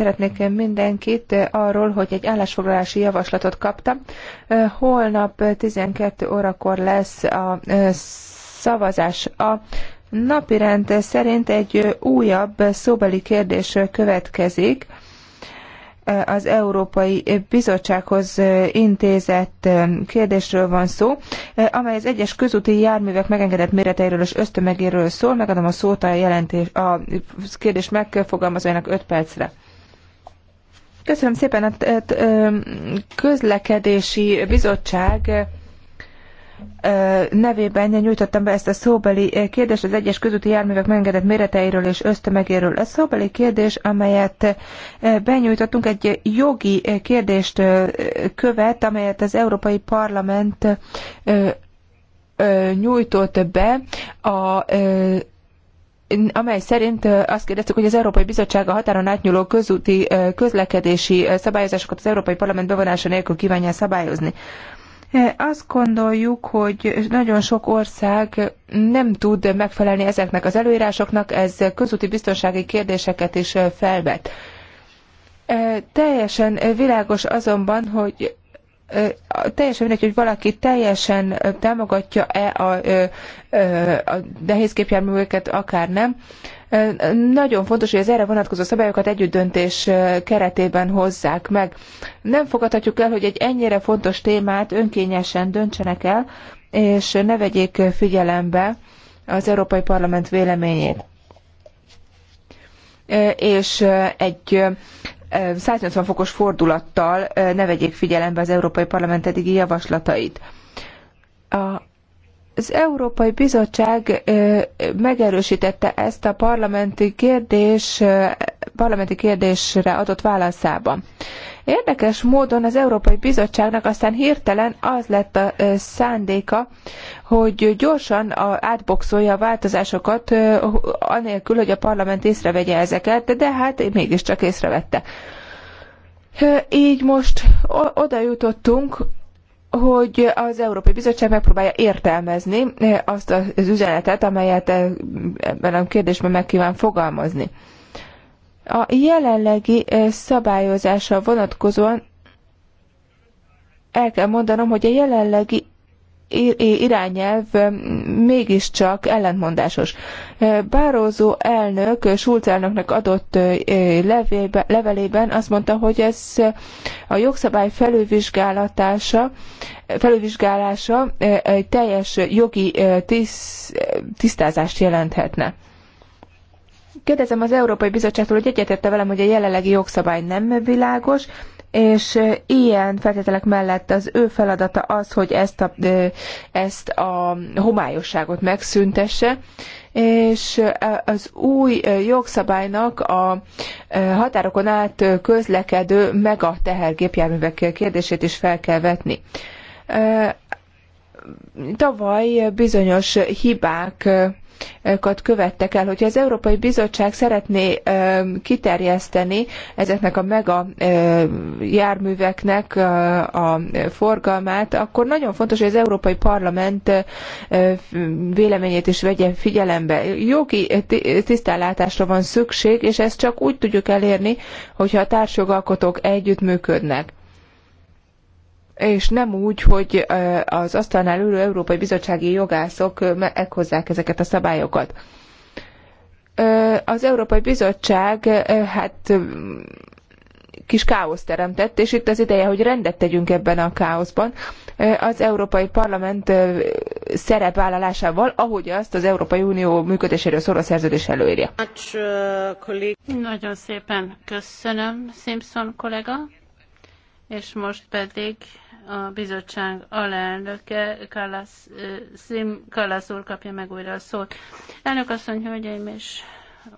Szeretnék mindenkit arról, hogy egy állásfoglalási javaslatot kaptam. Holnap 12 órakor lesz a szavazás. A napirend szerint egy újabb szóbeli kérdés következik az Európai Bizottsághoz intézett kérdésről van szó, amely az egyes közúti járművek megengedett méreteiről és ösztömegéről szól. Megadom a szót a, jelentés, a kérdés megfogalmazójának 5 percre. Köszönöm szépen a e, e, közlekedési bizottság e, nevében nyújtottam be ezt a szóbeli kérdést az egyes közúti járművek megengedett méreteiről és ösztömegéről. A szóbeli kérdés, amelyet benyújtottunk, egy jogi kérdést követ, amelyet az Európai Parlament nyújtott be a amely szerint azt kérdeztük, hogy az Európai Bizottság a határon átnyúló közúti közlekedési szabályozásokat az Európai Parlament bevonása nélkül kívánja szabályozni. Azt gondoljuk, hogy nagyon sok ország nem tud megfelelni ezeknek az előírásoknak, ez közúti biztonsági kérdéseket is felvet. Teljesen világos azonban, hogy teljesen mindegy, hogy valaki teljesen támogatja-e a, a, a nehézképjárműveket, akár nem. Nagyon fontos, hogy az erre vonatkozó szabályokat együtt döntés keretében hozzák meg. Nem fogadhatjuk el, hogy egy ennyire fontos témát önkényesen döntsenek el, és ne vegyék figyelembe az Európai Parlament véleményét és egy 180 fokos fordulattal ne vegyék figyelembe az Európai Parlament eddigi javaslatait. A az Európai Bizottság megerősítette ezt a parlamenti, kérdés, parlamenti kérdésre adott válaszában. Érdekes módon az Európai Bizottságnak aztán hirtelen az lett a szándéka, hogy gyorsan átboxolja a változásokat, anélkül, hogy a parlament észrevegye ezeket, de hát mégiscsak észrevette. Így most oda jutottunk, hogy az Európai Bizottság megpróbálja értelmezni eh, azt az üzenetet, amelyet eh, ebben a kérdésben meg kíván fogalmazni. A jelenlegi eh, szabályozásra vonatkozóan el kell mondanom, hogy a jelenlegi irányelv mégiscsak ellentmondásos. Bározó elnök Schulz elnöknek adott levelében azt mondta, hogy ez a jogszabály felülvizsgálatása, felülvizsgálása egy teljes jogi tisztázást jelenthetne. Kérdezem az Európai Bizottságtól, hogy egyetette velem, hogy a jelenlegi jogszabály nem világos, és ilyen feltételek mellett az ő feladata az, hogy ezt a, ezt a homályosságot megszüntesse, és az új jogszabálynak a határokon át közlekedő mega tehergépjárművek kérdését is fel kell vetni. Tavaly bizonyos hibák hibákat követtek el. Hogyha az Európai Bizottság szeretné kiterjeszteni ezeknek a mega járműveknek a forgalmát, akkor nagyon fontos, hogy az Európai Parlament véleményét is vegye figyelembe. Jogi tisztánlátásra van szükség, és ezt csak úgy tudjuk elérni, hogyha a társjogalkotók együttműködnek és nem úgy, hogy az asztalnál ülő Európai Bizottsági jogászok meghozzák ezeket a szabályokat. Az Európai Bizottság hát kis káoszt teremtett, és itt az ideje, hogy rendet tegyünk ebben a káoszban. Az Európai Parlament szerepvállalásával, ahogy azt az Európai Unió működéséről szóló szerződés előírja. Nagyon szépen köszönöm, Simpson kollega, és most pedig a bizottság alelnöke, Kalasz, Szim Kalasz úr kapja meg újra a szót. Elnök asszony, hölgyeim és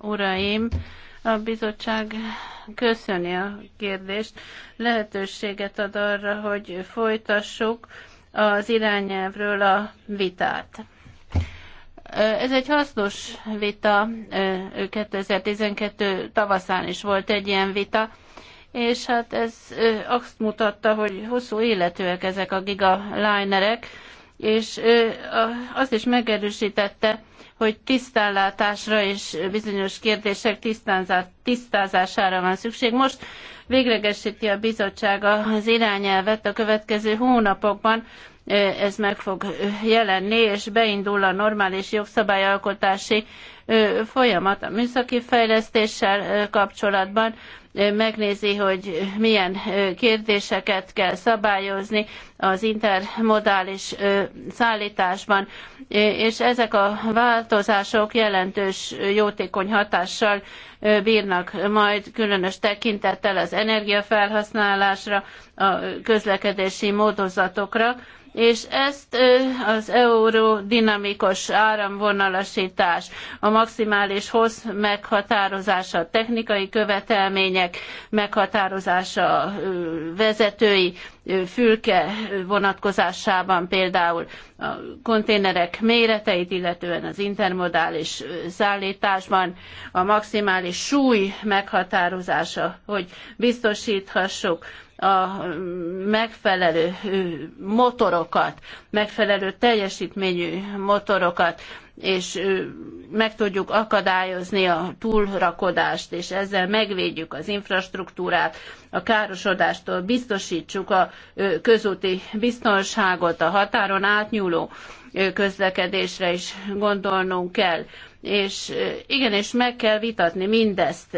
uraim, a bizottság köszöni a kérdést, lehetőséget ad arra, hogy folytassuk az irányelvről a vitát. Ez egy hasznos vita, 2012 tavaszán is volt egy ilyen vita, és hát ez azt mutatta, hogy hosszú életűek ezek a gigalinerek, és azt is megerősítette, hogy tisztánlátásra és bizonyos kérdések tisztázására van szükség. Most véglegesíti a bizottság az irányelvet a következő hónapokban, ez meg fog jelenni, és beindul a normális jogszabályalkotási folyamat a műszaki fejlesztéssel kapcsolatban megnézi, hogy milyen kérdéseket kell szabályozni az intermodális szállításban, és ezek a változások jelentős jótékony hatással bírnak majd különös tekintettel az energiafelhasználásra, a közlekedési módozatokra, és ezt az eurodinamikus áramvonalasítás, a maximális hossz meghatározása, technikai követelmények meghatározása, vezetői fülke vonatkozásában például a konténerek méreteit, illetően az intermodális szállításban a maximális súly meghatározása, hogy biztosíthassuk a megfelelő motorokat, megfelelő teljesítményű motorokat, és meg tudjuk akadályozni a túlrakodást, és ezzel megvédjük az infrastruktúrát, a károsodástól biztosítsuk a közúti biztonságot, a határon átnyúló közlekedésre is gondolnunk kell. És igenis meg kell vitatni mindezt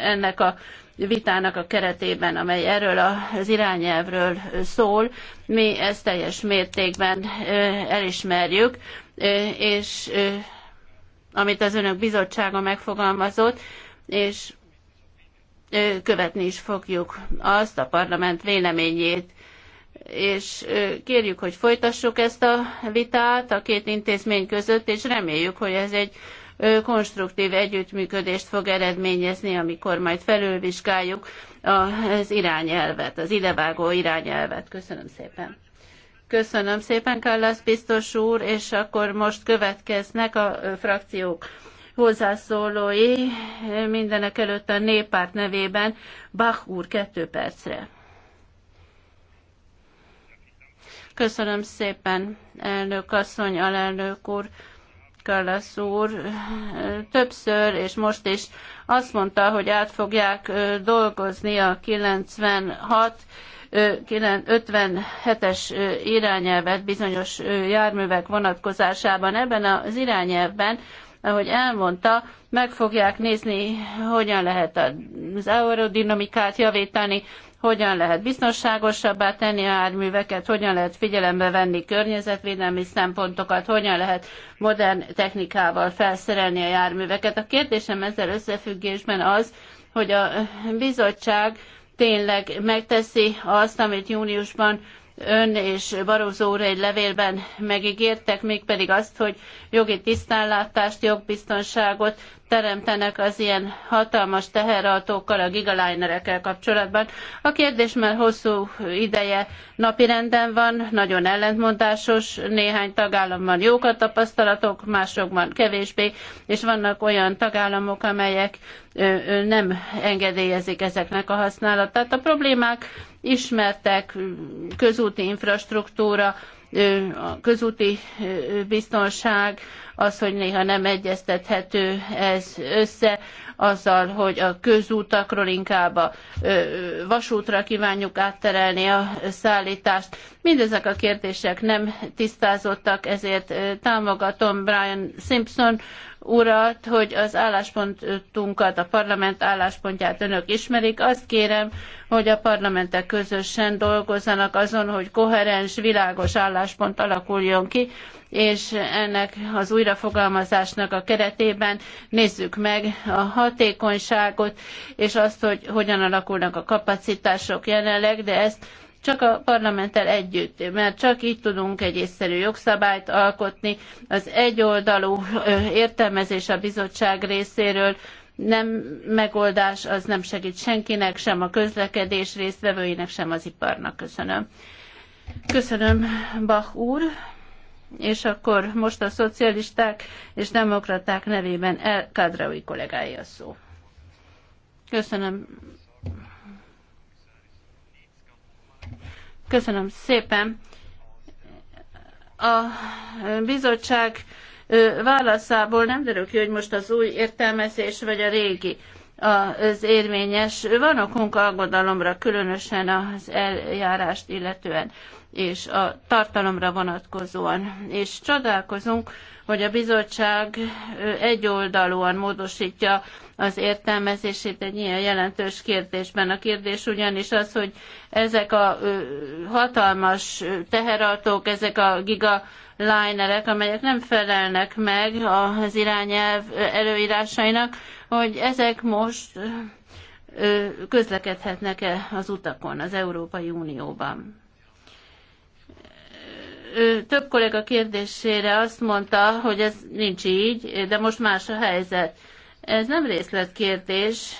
ennek a vitának a keretében, amely erről az irányelvről szól. Mi ezt teljes mértékben elismerjük, és amit az önök bizottsága megfogalmazott, és követni is fogjuk azt a parlament véleményét és kérjük, hogy folytassuk ezt a vitát a két intézmény között, és reméljük, hogy ez egy konstruktív együttműködést fog eredményezni, amikor majd felülvizsgáljuk az irányelvet, az idevágó irányelvet. Köszönöm szépen. Köszönöm szépen, Kallász biztos úr, és akkor most következnek a frakciók hozzászólói, mindenek előtt a néppárt nevében, Bach úr kettő percre. Köszönöm szépen, elnök asszony, alelnök úr. Kallas úr többször, és most is azt mondta, hogy át fogják dolgozni a 96 57-es irányelvet bizonyos járművek vonatkozásában. Ebben az irányelvben ahogy elmondta, meg fogják nézni, hogyan lehet az aerodinamikát javítani, hogyan lehet biztonságosabbá tenni a járműveket, hogyan lehet figyelembe venni környezetvédelmi szempontokat, hogyan lehet modern technikával felszerelni a járműveket. A kérdésem ezzel összefüggésben az, hogy a bizottság tényleg megteszi azt, amit júniusban ön és Barroso úr egy levélben megígértek, mégpedig azt, hogy jogi tisztánlátást, jogbiztonságot teremtenek az ilyen hatalmas teherautókkal, a gigalinerekkel kapcsolatban. A kérdés már hosszú ideje napirenden van, nagyon ellentmondásos, néhány tagállamban jók a tapasztalatok, másokban kevésbé, és vannak olyan tagállamok, amelyek nem engedélyezik ezeknek a használatát. A problémák ismertek, közúti infrastruktúra, a közúti biztonság, az, hogy néha nem egyeztethető ez össze, azzal, hogy a közútakról inkább a vasútra kívánjuk átterelni a szállítást. Mindezek a kérdések nem tisztázottak, ezért támogatom Brian Simpson urat, hogy az álláspontunkat, a parlament álláspontját önök ismerik. Azt kérem, hogy a parlamentek közösen dolgozzanak azon, hogy koherens, világos álláspont alakuljon ki, és ennek az újrafogalmazásnak a keretében nézzük meg a hatékonyságot, és azt, hogy hogyan alakulnak a kapacitások jelenleg, de ezt csak a parlamenttel együtt, mert csak így tudunk egy észszerű jogszabályt alkotni. Az egyoldalú értelmezés a bizottság részéről nem megoldás, az nem segít senkinek, sem a közlekedés résztvevőinek, sem az iparnak. Köszönöm. Köszönöm, Bach úr. És akkor most a szocialisták és demokraták nevében El Kadraui kollégája szó. Köszönöm. Köszönöm szépen. A bizottság válaszából nem derül ki, hogy most az új értelmezés vagy a régi az érvényes. Van okunk aggodalomra, különösen az eljárást illetően és a tartalomra vonatkozóan. És csodálkozunk, hogy a bizottság egyoldalúan módosítja az értelmezését egy ilyen jelentős kérdésben. A kérdés ugyanis az, hogy ezek a hatalmas teherautók, ezek a giga linerek, amelyek nem felelnek meg az irányelv előírásainak, hogy ezek most közlekedhetnek-e az utakon az Európai Unióban több kollega kérdésére azt mondta, hogy ez nincs így, de most más a helyzet. Ez nem részletkérdés.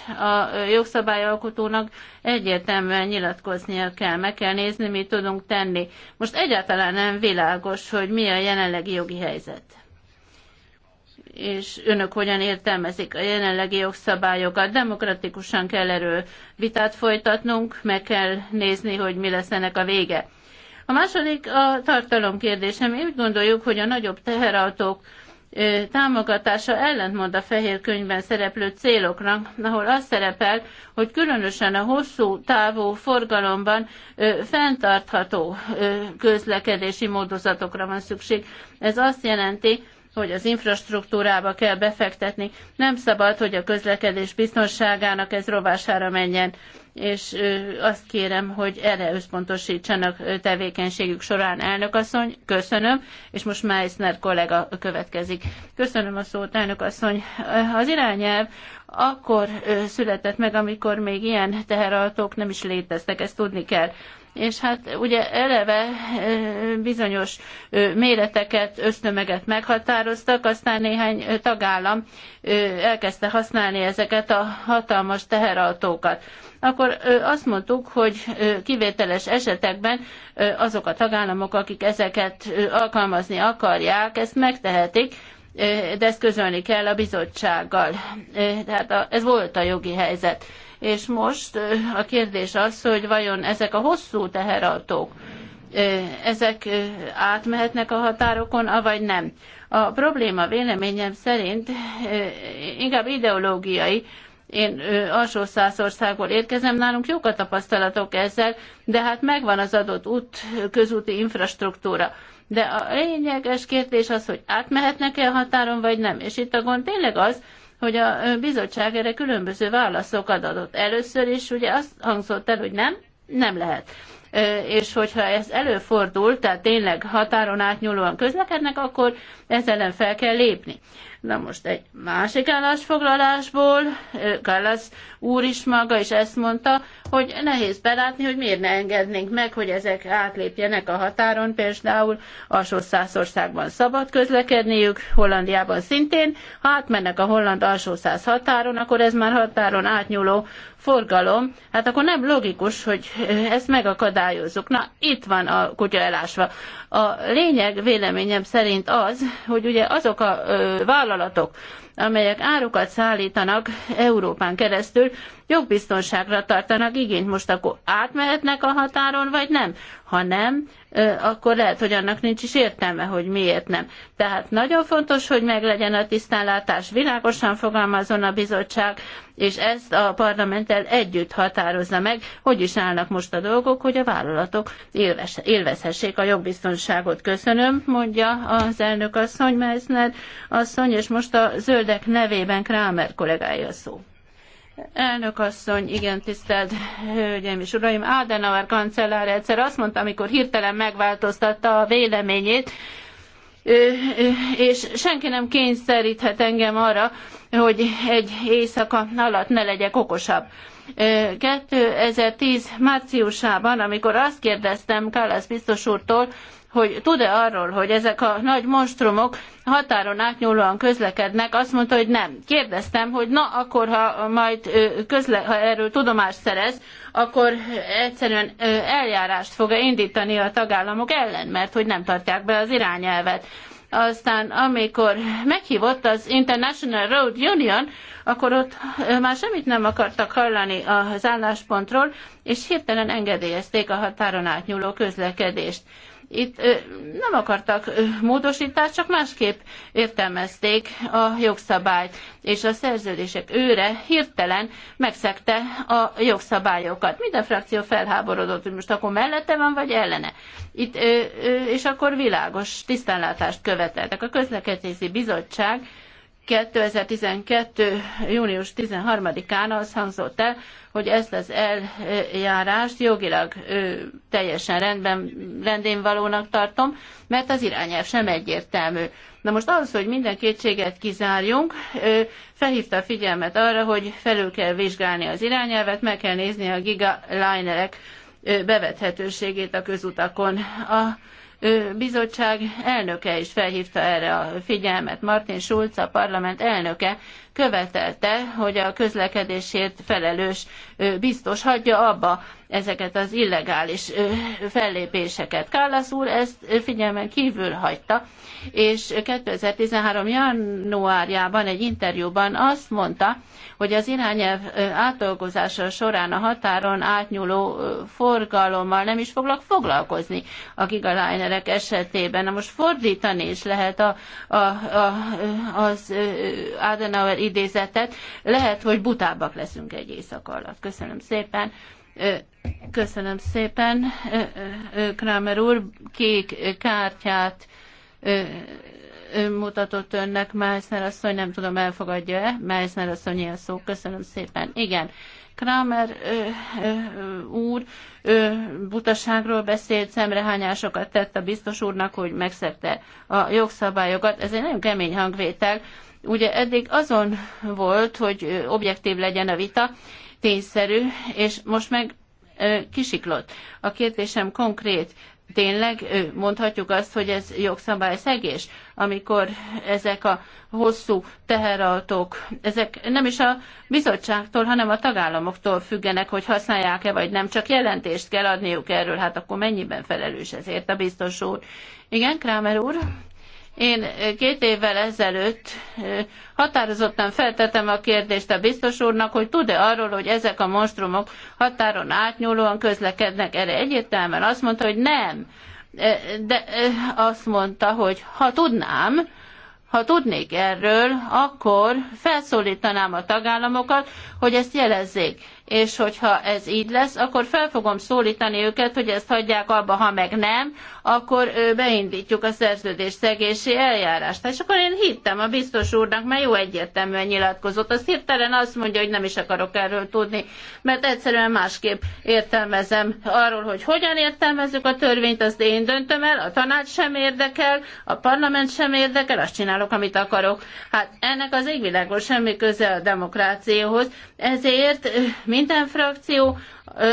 A jogszabályalkotónak egyértelműen nyilatkoznia kell, meg kell nézni, mit tudunk tenni. Most egyáltalán nem világos, hogy mi a jelenlegi jogi helyzet. És önök hogyan értelmezik a jelenlegi jogszabályokat. Demokratikusan kell erről vitát folytatnunk, meg kell nézni, hogy mi lesz ennek a vége. A második a tartalom kérdése. Mi úgy gondoljuk, hogy a nagyobb teherautók támogatása ellentmond a fehér könyvben szereplő céloknak, ahol az szerepel, hogy különösen a hosszú távú forgalomban fenntartható közlekedési módozatokra van szükség. Ez azt jelenti, hogy az infrastruktúrába kell befektetni. Nem szabad, hogy a közlekedés biztonságának ez rovására menjen és azt kérem, hogy erre összpontosítsanak tevékenységük során. Elnök asszony, köszönöm, és most Meissner kollega következik. Köszönöm a szót, elnök asszony. Az irányelv akkor született meg, amikor még ilyen teheraltók nem is léteztek, ezt tudni kell és hát ugye eleve bizonyos méreteket, ösztömeget meghatároztak, aztán néhány tagállam elkezdte használni ezeket a hatalmas teherautókat. Akkor azt mondtuk, hogy kivételes esetekben azok a tagállamok, akik ezeket alkalmazni akarják, ezt megtehetik, de ezt közölni kell a bizottsággal. Tehát ez volt a jogi helyzet és most a kérdés az, hogy vajon ezek a hosszú teherautók, ezek átmehetnek a határokon, avagy nem. A probléma véleményem szerint inkább ideológiai, én alsó százországból érkezem, nálunk jók a tapasztalatok ezzel, de hát megvan az adott út, közúti infrastruktúra. De a lényeges kérdés az, hogy átmehetnek-e a határon, vagy nem. És itt a gond tényleg az, hogy a bizottság erre különböző válaszokat adott. Először is ugye azt hangzott el, hogy nem, nem lehet és hogyha ez előfordul, tehát tényleg határon átnyúlóan közlekednek, akkor ezzel ellen fel kell lépni. Na most egy másik állásfoglalásból, Kallas úr is maga is ezt mondta, hogy nehéz belátni, hogy miért ne engednénk meg, hogy ezek átlépjenek a határon, például alsó százországban szabad közlekedniük, Hollandiában szintén, ha átmennek a holland alsó száz határon, akkor ez már határon átnyúló forgalom, hát akkor nem logikus, hogy ezt megakadályozzuk. Na, itt van a kutya elásva. A lényeg véleményem szerint az, hogy ugye azok a vállalatok, amelyek árukat szállítanak Európán keresztül, jogbiztonságra tartanak igényt. Most akkor átmehetnek a határon, vagy nem? Ha nem, akkor lehet, hogy annak nincs is értelme, hogy miért nem. Tehát nagyon fontos, hogy meglegyen a tisztánlátás, világosan fogalmazon a bizottság, és ezt a parlamenttel együtt határozza meg, hogy is állnak most a dolgok, hogy a vállalatok élvez, élvezhessék a jogbiztonságot. Köszönöm, mondja az elnök asszony Meissner asszony, és most a zöld zöldek nevében Krámer kollégája szó. Elnök asszony, igen, tisztelt hölgyeim és uraim, Adenauer kancellár egyszer azt mondta, amikor hirtelen megváltoztatta a véleményét, és senki nem kényszeríthet engem arra, hogy egy éjszaka alatt ne legyek okosabb. 2010 márciusában, amikor azt kérdeztem Kálasz biztos úrtól, hogy tud-e arról, hogy ezek a nagy monstrumok határon átnyúlóan közlekednek, azt mondta, hogy nem. Kérdeztem, hogy na akkor, ha majd közle, ha erről tudomást szerez, akkor egyszerűen eljárást fog-e indítani a tagállamok ellen, mert hogy nem tartják be az irányelvet aztán amikor meghívott az International Road Union, akkor ott már semmit nem akartak hallani az álláspontról, és hirtelen engedélyezték a határon átnyúló közlekedést. Itt nem akartak módosítást, csak másképp értelmezték a jogszabályt, és a szerződések őre hirtelen megszegte a jogszabályokat. Minden frakció felháborodott, hogy most akkor mellette van, vagy ellene. Itt, és akkor világos tisztánlátást követeltek. A közlekedési bizottság 2012. június 13-án az hangzott el, hogy ezt az eljárást jogilag ö, teljesen rendben, rendén valónak tartom, mert az irányelv sem egyértelmű. Na most ahhoz, hogy minden kétséget kizárjunk, ö, felhívta a figyelmet arra, hogy felül kell vizsgálni az irányelvet, meg kell nézni a gigalinerek bevethetőségét a közutakon. A bizottság elnöke is felhívta erre a figyelmet. Martin Schulz, a parlament elnöke követelte, hogy a közlekedésért felelős biztos hagyja abba ezeket az illegális fellépéseket. Kállász úr ezt figyelmen kívül hagyta, és 2013. januárjában egy interjúban azt mondta, hogy az irányelv átdolgozása során a határon átnyúló forgalommal nem is foglak foglalkozni a gigalinerek esetében. Na most fordítani is lehet a, a, a, az Adenauer idézetet, lehet, hogy butábbak leszünk egy éjszaka alatt. Köszönöm szépen. Köszönöm szépen, Kramer úr. Kék kártyát mutatott önnek Meissner asszony, nem tudom, elfogadja-e. Meissner asszony ilyen szó. Köszönöm szépen. Igen. Kramer ö, ö, úr ö, butaságról beszélt, szemrehányásokat tett a biztos úrnak, hogy megszerte a jogszabályokat. Ez egy nagyon kemény hangvétel, Ugye eddig azon volt, hogy objektív legyen a vita, tényszerű, és most meg kisiklott. A kérdésem konkrét, tényleg mondhatjuk azt, hogy ez jogszabályszegés, amikor ezek a hosszú teherautók, ezek nem is a bizottságtól, hanem a tagállamoktól függenek, hogy használják-e vagy nem, csak jelentést kell adniuk erről, hát akkor mennyiben felelős ezért a biztos úr. Igen, Krámer úr? Én két évvel ezelőtt határozottan feltettem a kérdést a biztos úrnak, hogy tud-e arról, hogy ezek a monstrumok határon átnyúlóan közlekednek. Erre egyértelműen azt mondta, hogy nem. De azt mondta, hogy ha tudnám, ha tudnék erről, akkor felszólítanám a tagállamokat, hogy ezt jelezzék és hogyha ez így lesz, akkor fel fogom szólítani őket, hogy ezt hagyják abba, ha meg nem, akkor beindítjuk a szerződés szegési eljárást. És akkor én hittem a biztos úrnak, mert jó egyértelműen nyilatkozott. Az hirtelen azt mondja, hogy nem is akarok erről tudni, mert egyszerűen másképp értelmezem arról, hogy hogyan értelmezzük a törvényt, azt én döntöm el, a tanács sem érdekel, a parlament sem érdekel, azt csinálok, amit akarok. Hát ennek az égvilágon semmi köze a demokráciához, ezért mi minden frakció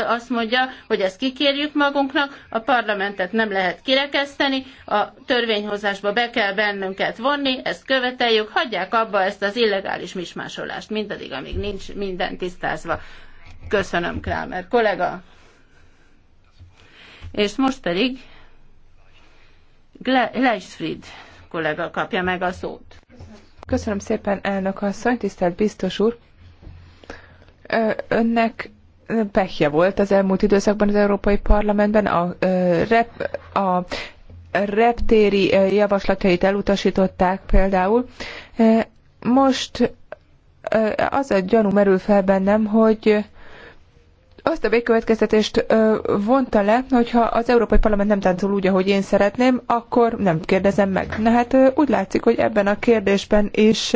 azt mondja, hogy ezt kikérjük magunknak, a parlamentet nem lehet kirekeszteni, a törvényhozásba be kell bennünket vonni, ezt követeljük, hagyják abba ezt az illegális mismásolást, mindaddig, amíg nincs minden tisztázva. Köszönöm, Krámer. Kollega! És most pedig Leisfried kollega kapja meg a szót. Köszönöm szépen, elnök asszony, tisztelt biztos úr! önnek pehje volt az elmúlt időszakban az Európai Parlamentben, a, rep, a reptéri javaslatait elutasították például. Most az a gyanú merül fel bennem, hogy azt a végkövetkeztetést vonta le, hogyha az Európai Parlament nem táncol úgy, ahogy én szeretném, akkor nem kérdezem meg. Na hát úgy látszik, hogy ebben a kérdésben is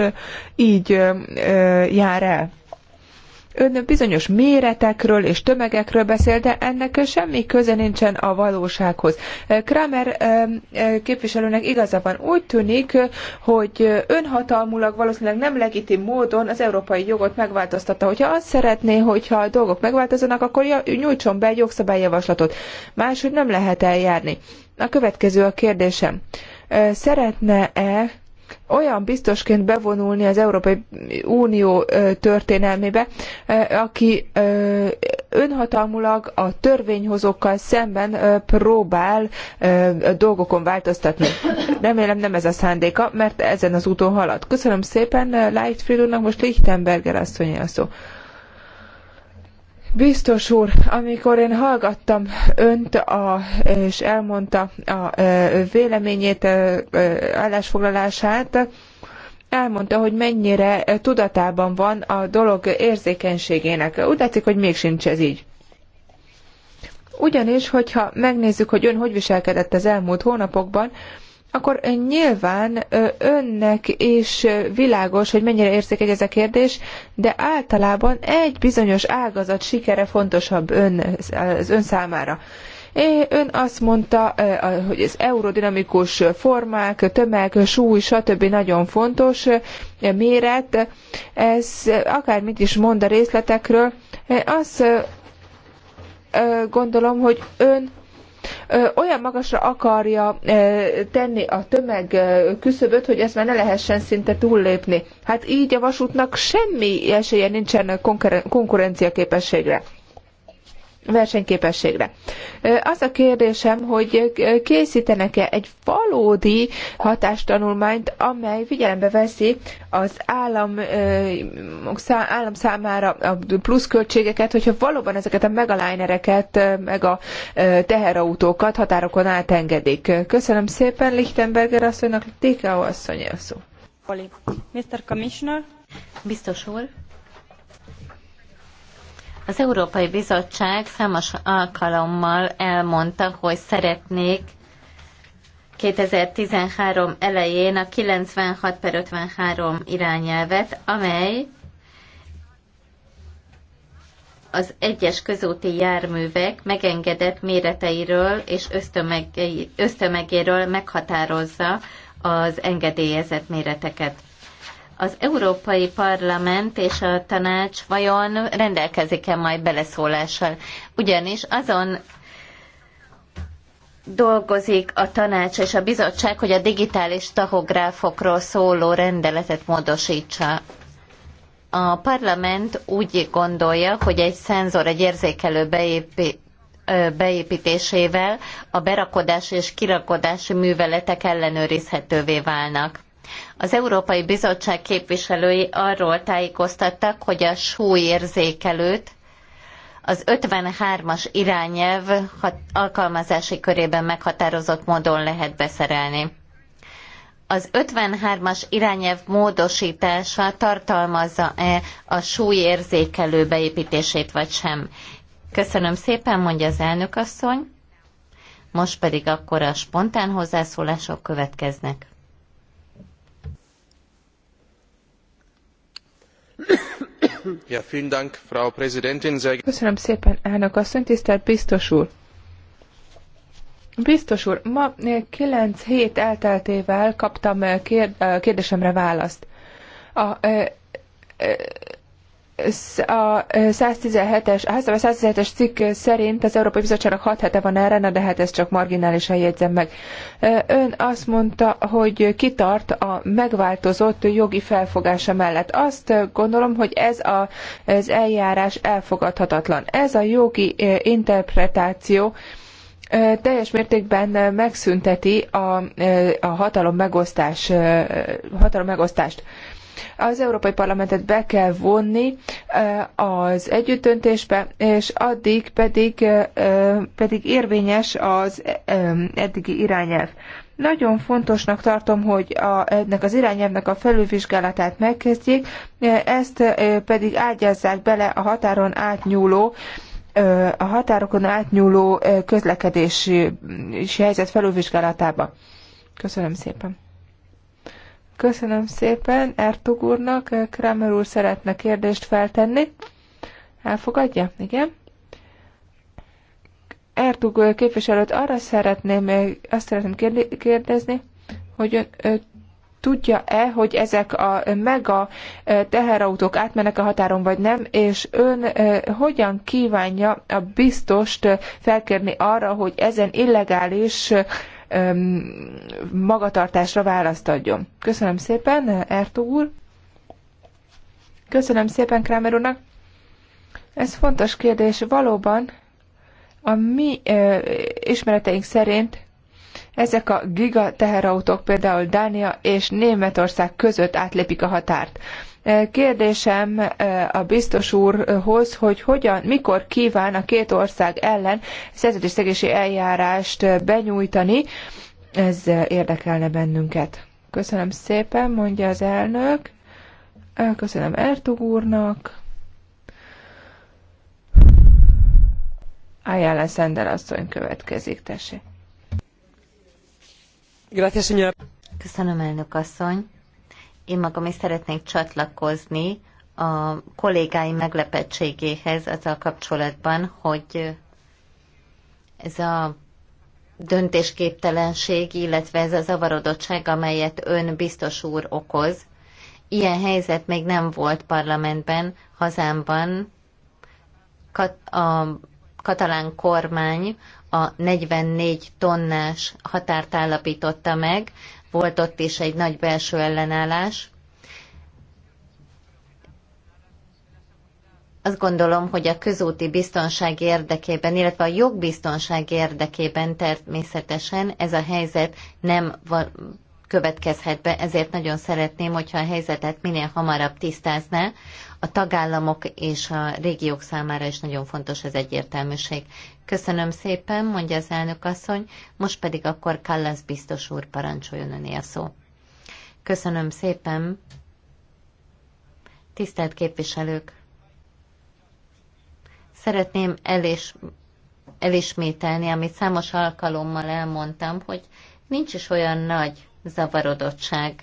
így jár el. Ön bizonyos méretekről és tömegekről beszél, de ennek semmi köze nincsen a valósághoz. Kramer képviselőnek igaza van. Úgy tűnik, hogy önhatalmulag valószínűleg nem legitim módon az európai jogot megváltoztatta. Hogyha azt szeretné, hogyha a dolgok megváltozanak, akkor nyújtson be egy jogszabályjavaslatot. Máshogy nem lehet eljárni. A következő a kérdésem. Szeretne-e olyan biztosként bevonulni az Európai Unió történelmébe, aki önhatalmulag a törvényhozókkal szemben próbál dolgokon változtatni. Remélem nem ez a szándéka, mert ezen az úton halad. Köszönöm szépen Leichtfried úrnak, most Lichtenberger asszonyi a szó. Biztos úr, amikor én hallgattam önt, a, és elmondta a e, véleményét, e, e, állásfoglalását, elmondta, hogy mennyire tudatában van a dolog érzékenységének. Úgy látszik, hogy még sincs ez így. Ugyanis, hogyha megnézzük, hogy ön hogy viselkedett az elmúlt hónapokban, akkor nyilván önnek is világos, hogy mennyire érzékeny ez a kérdés, de általában egy bizonyos ágazat sikere fontosabb ön, az ön számára. Ön azt mondta, hogy az eurodinamikus formák, tömeg, súly, stb. nagyon fontos méret. Ez akármit is mond a részletekről. Azt gondolom, hogy ön olyan magasra akarja tenni a tömeg küszöböt, hogy ezt már ne lehessen szinte túllépni. Hát így a vasútnak semmi esélye nincsen konkurenciaképességre versenyképességre. Az a kérdésem, hogy készítenek-e egy valódi hatástanulmányt, amely figyelembe veszi az állam, állam számára a pluszköltségeket, hogyha valóban ezeket a megalájnereket, meg a teherautókat határokon átengedik. Köszönöm szépen Lichtenberger asszonynak, Tékeó asszony a szó. Mr. Commissioner. Biztos úr, az Európai Bizottság számos alkalommal elmondta, hogy szeretnék 2013 elején a 96 per 53 irányelvet, amely az egyes közúti járművek megengedett méreteiről és ösztömegéről meghatározza az engedélyezett méreteket az Európai Parlament és a tanács vajon rendelkezik-e majd beleszólással? Ugyanis azon dolgozik a tanács és a bizottság, hogy a digitális tahográfokról szóló rendeletet módosítsa. A parlament úgy gondolja, hogy egy szenzor, egy érzékelő beépít, beépítésével a berakodás és kirakodási műveletek ellenőrizhetővé válnak. Az Európai Bizottság képviselői arról tájékoztattak, hogy a súlyérzékelőt az 53-as irányelv alkalmazási körében meghatározott módon lehet beszerelni. Az 53-as irányelv módosítása tartalmazza-e a súlyérzékelő beépítését vagy sem? Köszönöm szépen, mondja az elnök asszony. Most pedig akkor a spontán hozzászólások következnek. Köszönöm szépen, elnök asszony, tisztelt biztos úr. Biztos úr, ma eh, kilenc hét elteltével kaptam eh, eh, kérdésemre választ. A, a 117-es, a 117-es cikk szerint az Európai Bizottságnak 6 hete van erre, na de hát ezt csak marginálisan jegyzem meg. Ön azt mondta, hogy kitart a megváltozott jogi felfogása mellett. Azt gondolom, hogy ez a, az eljárás elfogadhatatlan. Ez a jogi interpretáció teljes mértékben megszünteti a, a hatalom, megosztás, hatalom megosztást az Európai Parlamentet be kell vonni az együttdöntésbe, és addig pedig, pedig érvényes az eddigi irányelv. Nagyon fontosnak tartom, hogy a, ennek az irányelvnek a felülvizsgálatát megkezdjék, ezt pedig ágyazzák bele a határon átnyúló a határokon átnyúló közlekedési helyzet felülvizsgálatába. Köszönöm szépen. Köszönöm szépen Ertug úrnak. Eh, Kramer úr szeretne kérdést feltenni. Elfogadja? Igen. Ertug eh, képviselőt arra szeretném, eh, azt szeretném kérdezni, hogy ön tudja-e, hogy ezek a mega teherautók átmennek a határon, vagy nem, és ön hogyan kívánja a biztost felkérni arra, hogy ezen illegális magatartásra választ adjon. Köszönöm szépen, Ertó úr. Köszönöm szépen Krámer úrnak. Ez fontos kérdés. Valóban a mi ö, ismereteink szerint ezek a giga teherautók például Dánia és Németország között átlépik a határt. Kérdésem a biztos úrhoz, hogy hogyan, mikor kíván a két ország ellen szerződésszegési eljárást benyújtani, ez érdekelne bennünket. Köszönöm szépen, mondja az elnök. Köszönöm Ertug úrnak. Ajánlás Szender asszony következik, tessék. Köszönöm, elnök asszony. Én magam is szeretnék csatlakozni a kollégáim meglepettségéhez azzal kapcsolatban, hogy ez a döntésképtelenség, illetve ez a zavarodottság, amelyet ön biztos úr okoz. Ilyen helyzet még nem volt parlamentben, hazámban, a katalán kormány a 44 tonnás határt állapította meg, volt ott is egy nagy belső ellenállás. Azt gondolom, hogy a közúti biztonság érdekében, illetve a jogbiztonság érdekében természetesen ez a helyzet nem következhet be, ezért nagyon szeretném, hogyha a helyzetet minél hamarabb tisztázná, a tagállamok és a régiók számára is nagyon fontos ez egyértelműség. Köszönöm szépen, mondja az elnök asszony, most pedig akkor Kallas biztos úr parancsoljon öné a szó. Köszönöm szépen, tisztelt képviselők! Szeretném is, elismételni, amit számos alkalommal elmondtam, hogy nincs is olyan nagy zavarodottság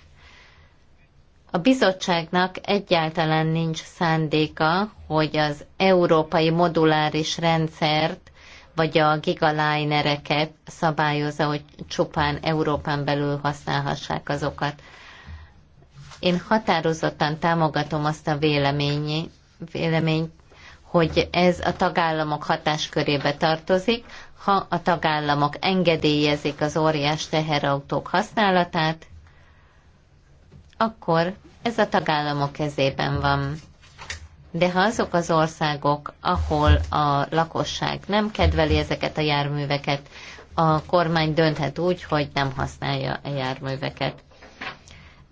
a bizottságnak egyáltalán nincs szándéka, hogy az európai moduláris rendszert vagy a gigalinereket szabályozza, hogy csupán Európán belül használhassák azokat. Én határozottan támogatom azt a véleményi, véleményt, hogy ez a tagállamok hatáskörébe tartozik, ha a tagállamok engedélyezik az óriás teherautók használatát, akkor ez a tagállamok kezében van. De ha azok az országok, ahol a lakosság nem kedveli ezeket a járműveket, a kormány dönthet úgy, hogy nem használja a járműveket.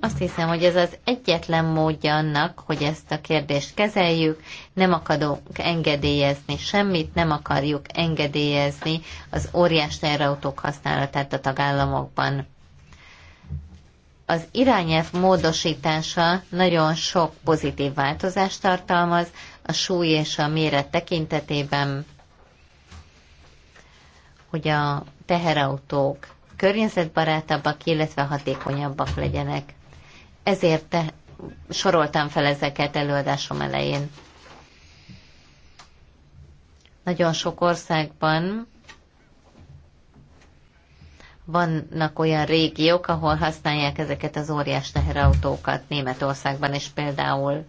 Azt hiszem, hogy ez az egyetlen módja annak, hogy ezt a kérdést kezeljük, nem akarunk engedélyezni semmit, nem akarjuk engedélyezni az óriás teherautók használatát a tagállamokban az irányelv módosítása nagyon sok pozitív változást tartalmaz a súly és a méret tekintetében, hogy a teherautók környezetbarátabbak, illetve hatékonyabbak legyenek. Ezért te soroltam fel ezeket előadásom elején. Nagyon sok országban vannak olyan régiók, ahol használják ezeket az óriás teherautókat, Németországban is például.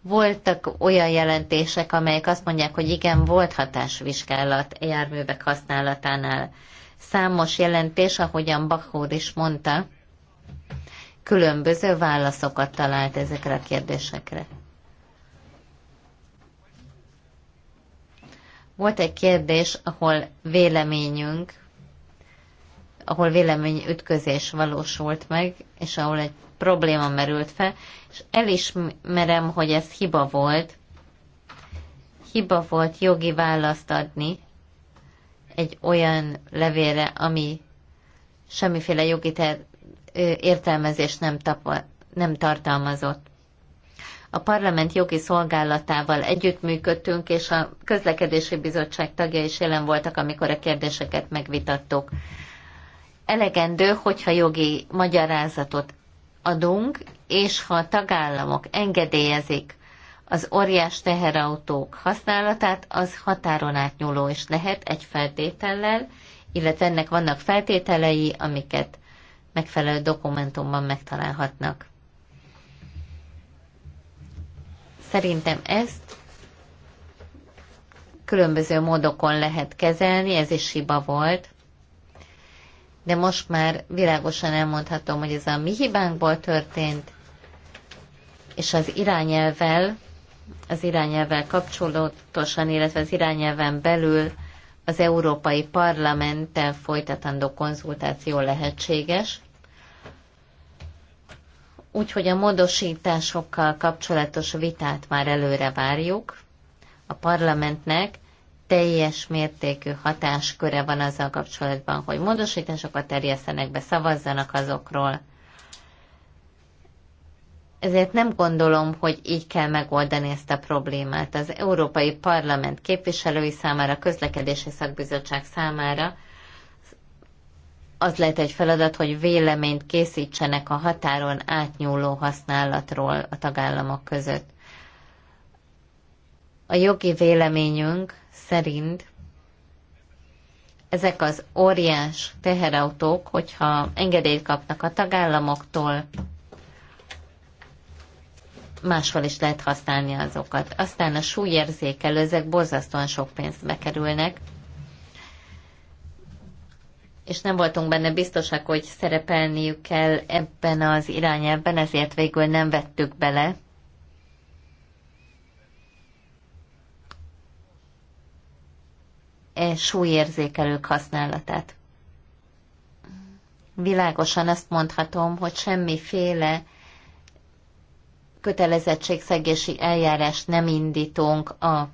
Voltak olyan jelentések, amelyek azt mondják, hogy igen, volt hatásvizsgálat járművek használatánál. Számos jelentés, ahogyan Bach is mondta, különböző válaszokat talált ezekre a kérdésekre. Volt egy kérdés, ahol véleményünk ahol véleményütközés valósult meg, és ahol egy probléma merült fel, és elismerem, hogy ez hiba volt, hiba volt jogi választ adni egy olyan levélre, ami semmiféle jogi ter- értelmezést nem, tapa- nem tartalmazott. A parlament jogi szolgálatával együttműködtünk, és a közlekedési bizottság tagja is jelen voltak, amikor a kérdéseket megvitattuk elegendő, hogyha jogi magyarázatot adunk, és ha a tagállamok engedélyezik az óriás teherautók használatát, az határon átnyúló is lehet egy feltétellel, illetve ennek vannak feltételei, amiket megfelelő dokumentumban megtalálhatnak. Szerintem ezt különböző módokon lehet kezelni, ez is hiba volt de most már világosan elmondhatom, hogy ez a mi hibánkból történt, és az irányelvel, az irányelvel kapcsolatosan, illetve az irányelven belül az Európai Parlamenttel folytatandó konzultáció lehetséges, úgyhogy a módosításokkal kapcsolatos vitát már előre várjuk. A parlamentnek teljes mértékű hatásköre van azzal kapcsolatban, hogy módosításokat terjesztenek be, szavazzanak azokról. Ezért nem gondolom, hogy így kell megoldani ezt a problémát. Az Európai Parlament képviselői számára, a közlekedési szakbizottság számára az lehet egy feladat, hogy véleményt készítsenek a határon átnyúló használatról a tagállamok között. A jogi véleményünk szerint ezek az óriás teherautók, hogyha engedélyt kapnak a tagállamoktól, máshol is lehet használni azokat. Aztán a súlyérzékelő, ezek borzasztóan sok pénzbe kerülnek, és nem voltunk benne biztosak, hogy szerepelniük kell ebben az irányelben, ezért végül nem vettük bele. e súlyérzékelők használatát. Világosan azt mondhatom, hogy semmiféle kötelezettségszegési eljárást nem indítunk a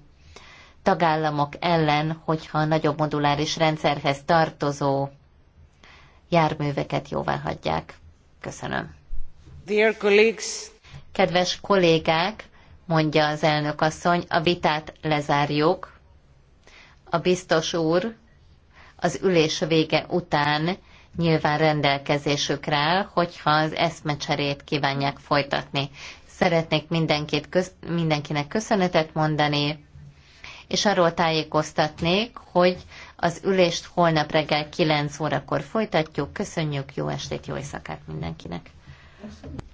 tagállamok ellen, hogyha a nagyobb moduláris rendszerhez tartozó járműveket jóvá hagyják. Köszönöm. Dear colleagues. Kedves kollégák, mondja az elnök asszony, a vitát lezárjuk a biztos úr az ülés vége után nyilván rendelkezésükre áll, hogyha az eszmecserét kívánják folytatni. Szeretnék mindenkit, köz, mindenkinek köszönetet mondani, és arról tájékoztatnék, hogy az ülést holnap reggel 9 órakor folytatjuk. Köszönjük, jó estét, jó éjszakát mindenkinek! Köszönjük.